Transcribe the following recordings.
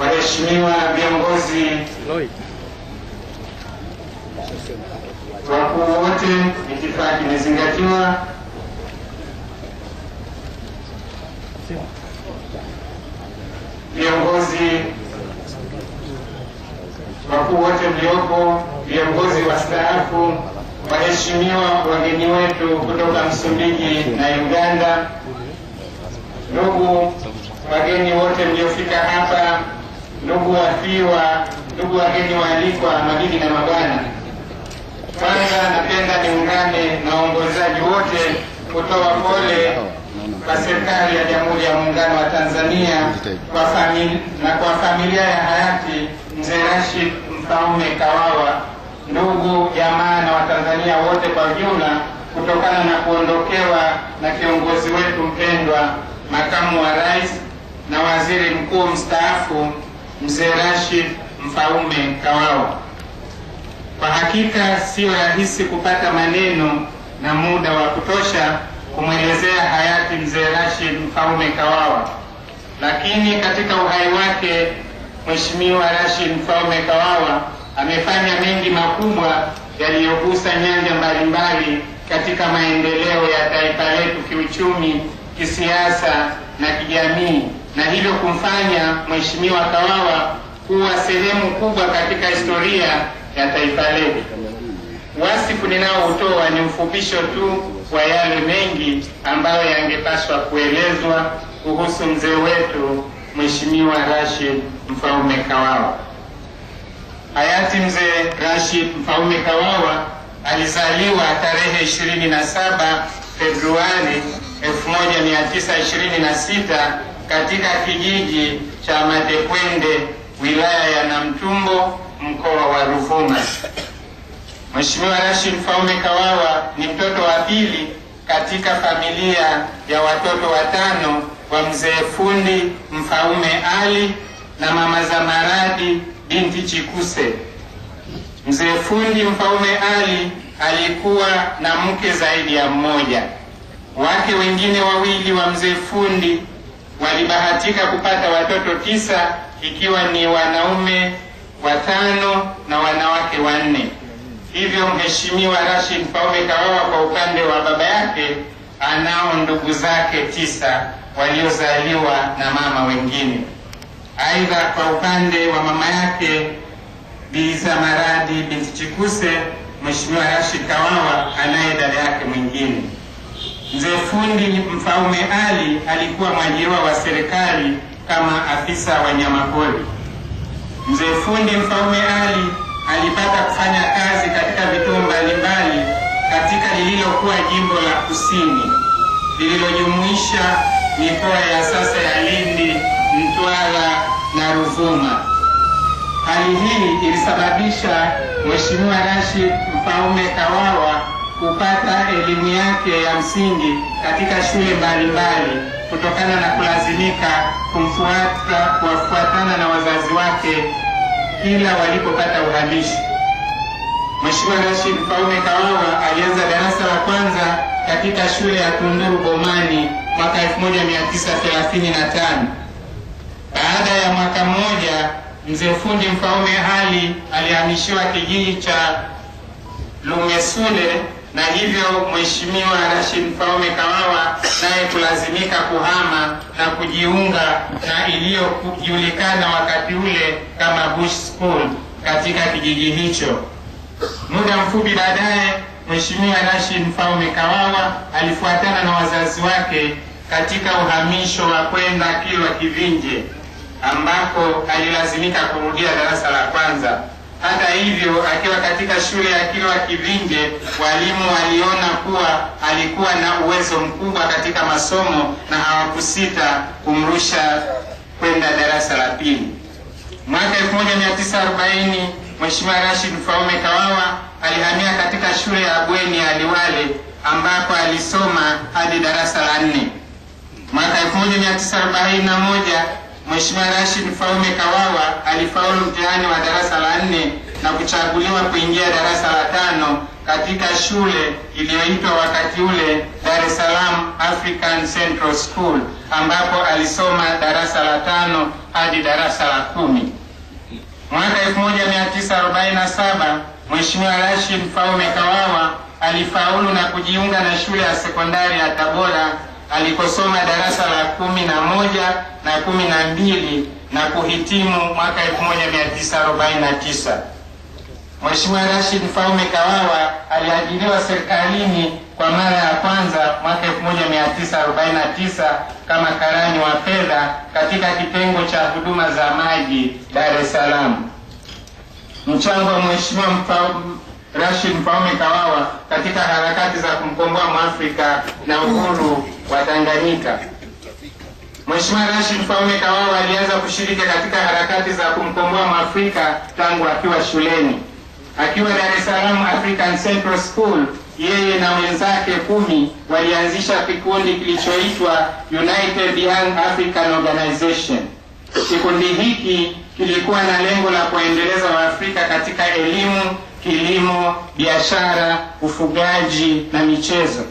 Waheshimiwa viongozi wakuu wote, itifaki imezingatiwa. Viongozi wakuu wote mliopo, viongozi wastaafu, waheshimiwa wageni wetu kutoka Msumbiji na Uganda, ndugu wageni wote mliofika hapa, ndugu wafiwa, ndugu wageni waalikwa, mabibi na mabwana, kwanza napenda niungane na waongozaji wote kutoa pole kwa serikali ya Jamhuri ya Muungano wa Tanzania kwa famili, na kwa familia ya hayati Mzee Rashid Mfaume Kawawa, ndugu jamaa na Watanzania wote kwa jumla, kutokana na kuondokewa na kiongozi wetu mpendwa, makamu wa rais na waziri mkuu mstaafu mzee Rashid Mfaume Kawawa. Kwa hakika sio rahisi kupata maneno na muda wa kutosha kumwelezea hayati mzee Rashid Mfaume Kawawa, lakini katika uhai wake Mheshimiwa Rashid Mfaume Kawawa amefanya mengi makubwa yaliyogusa nyanja mbalimbali katika maendeleo ya taifa letu kiuchumi, kisiasa na kijamii na hivyo kumfanya Mheshimiwa Kawawa kuwa sehemu kubwa katika historia ya taifa letu. Wasifu ninaoutoa ni mfupisho tu wa yale mengi ambayo yangepaswa kuelezwa kuhusu mzee wetu Mheshimiwa Rashid Mfaume Kawawa. Hayati mzee Rashid Mfaume Kawawa alizaliwa tarehe 27 Februari 1926 katika kijiji cha Matekwende wilaya ya Namtumbo mkoa wa Ruvuma. Mheshimiwa Rashid Mfaume Kawawa ni mtoto wa pili katika familia ya watoto watano wa mzee fundi Mfaume Ali na mama Zamaradi binti Chikuse. Mzee fundi Mfaume Ali alikuwa na mke zaidi ya mmoja. Wake wengine wawili wa mzee fundi walibahatika kupata watoto tisa ikiwa ni wanaume watano na wanawake wanne. Hivyo Mheshimiwa Rashid Paume Kawawa kwa upande wa baba yake anao ndugu zake tisa waliozaliwa na mama wengine. Aidha, kwa upande wa mama yake Bi Zamaradi binti Chikuse, Mheshimiwa Rashid Kawawa anaye dada yake mwingine. Mzee Fundi Mfaume Ali alikuwa mwajiriwa wa serikali kama afisa wanyamapori. Mzee Fundi Mfaume Ali alipata kufanya kazi katika vituo mbalimbali katika lililokuwa jimbo la Kusini lililojumuisha mikoa ya sasa ya Lindi, Mtwara na Ruvuma. Hali hii ilisababisha Mheshimiwa Rashid Mfaume Kawawa kupata elimu yake ya msingi katika shule mbalimbali kutokana na kulazimika kumfuata kuwafuatana na wazazi wake kila walipopata uhamishi. Mheshimiwa Rashid Faume Kawawa alianza darasa la kwanza katika shule ya Tunduru Bomani mwaka 1935. Baada ya mwaka mmoja, mzee fundi Mfaume Ali alihamishiwa kijiji cha Lungesule na hivyo Mheshimiwa Rashid Faume Kawawa naye kulazimika kuhama na kujiunga na iliyojulikana wakati ule kama Bush School katika kijiji hicho. Muda mfupi baadaye, Mheshimiwa Rashid Faume Kawawa alifuatana na wazazi wake katika uhamisho wa kwenda Kilwa Kivinje ambako alilazimika kurudia darasa la kwanza. Hata hivyo, akiwa katika shule ya Kilwa Kivinje, walimu waliona kuwa alikuwa na uwezo mkubwa katika masomo na hawakusita kumrusha kwenda darasa la pili. Mwaka 1940 Mheshimiwa Rashid faume Kawawa alihamia katika shule ya bweni ya Liwale ambapo alisoma hadi darasa la nne. Mwaka 1941 Mheshimiwa Rashid Mfaume Kawawa alifaulu mtihani wa darasa la nne na kuchaguliwa kuingia darasa la tano katika shule iliyoitwa wakati ule Dar es Salaam African Central School ambapo alisoma darasa la tano hadi darasa la kumi. Mwaka 1947 Mheshimiwa Rashid Mfaume Kawawa alifaulu na kujiunga na shule ya sekondari ya Tabora alikosoma darasa la kumi na moja na kumi na mbili na kuhitimu mwaka 1949. Mheshimiwa Rashid Mfaume Kawawa aliajiriwa serikalini kwa mara ya kwanza mwaka 1949 kama karani wa fedha katika kitengo cha huduma za maji Dar es Salaam. Mchango wa Mheshimiwa Rashid Mfaume Kawawa katika harakati za kumkomboa Mwafrika na uhuru wa Tanganyika. Mheshimiwa Rashid Mfaume Kawawa alianza kushiriki katika harakati za kumkomboa Mwafrika tangu akiwa shuleni. Akiwa Dar es Salaam African Central School, yeye na wenzake kumi walianzisha kikundi kilichoitwa United Young African Organization. Kikundi hiki kilikuwa na lengo la kuendeleza Waafrika katika elimu kilimo, biashara, ufugaji na michezo.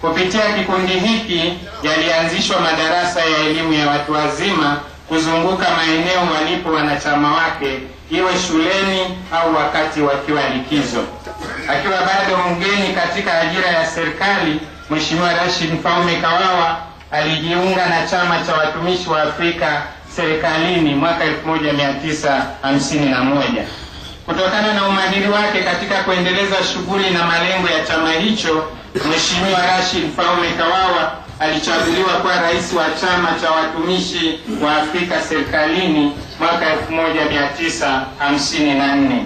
Kupitia kikundi hiki yalianzishwa madarasa ya elimu ya watu wazima kuzunguka maeneo walipo wanachama wake, iwe shuleni au wakati wakiwa likizo. Akiwa bado mgeni katika ajira ya serikali, Mheshimiwa Rashid Mfaume Kawawa alijiunga na chama cha watumishi wa Afrika serikalini mwaka 1951. Kutokana na umahiri wake katika kuendeleza shughuli na malengo ya chama hicho, Mheshimiwa Rashid Faume Kawawa alichaguliwa kuwa rais wa chama cha watumishi wa Afrika serikalini mwaka 1954.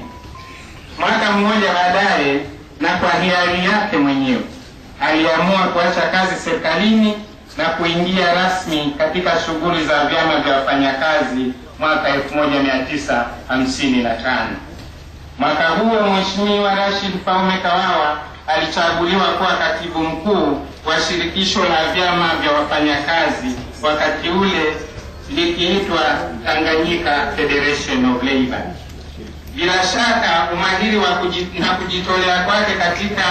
Mwaka mmoja baadaye, na kwa hiari yake mwenyewe, aliamua kuacha kazi serikalini na kuingia rasmi katika shughuli za vyama vya wafanyakazi mwaka 1955. Mwaka huo Mheshimiwa Rashid Faume Kawawa alichaguliwa kuwa katibu mkuu wa shirikisho la vyama vya wafanyakazi, wakati ule likiitwa Tanganyika Federation of Labour. Bila shaka umahiri wa kujit, na kujitolea kwake katika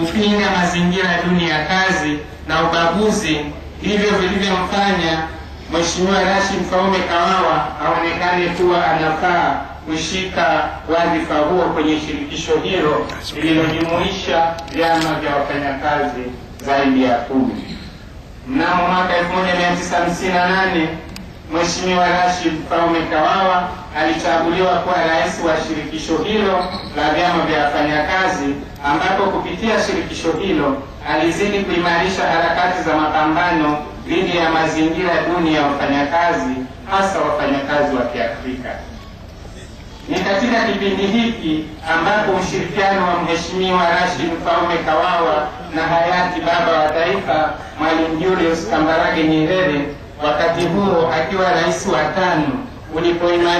kupinga mazingira duni ya kazi na ubaguzi, hivyo vilivyomfanya Mheshimiwa Rashid faume Kawawa aonekane kuwa anafaa kushika wadhifa huo kwenye shirikisho hilo lililojumuisha vyama vya wafanyakazi zaidi ya kumi. Mnamo mwaka 1958 Mheshimiwa Rashid faume Kawawa alichaguliwa kuwa rais wa shirikisho hilo la vyama vya wafanyakazi, ambapo kupitia shirikisho hilo alizidi kuimarisha harakati za mapambano dhidi ya mazingira duni ya wafanyakazi, hasa wafanyakazi wa Kiafrika. Ni katika kipindi hiki ambapo ushirikiano wa Mheshimiwa Rashid faume Kawawa na hayati baba wa taifa Mwalimu Julius Kambarage Nyerere wakati huo akiwa rais wa tano ulipoimarika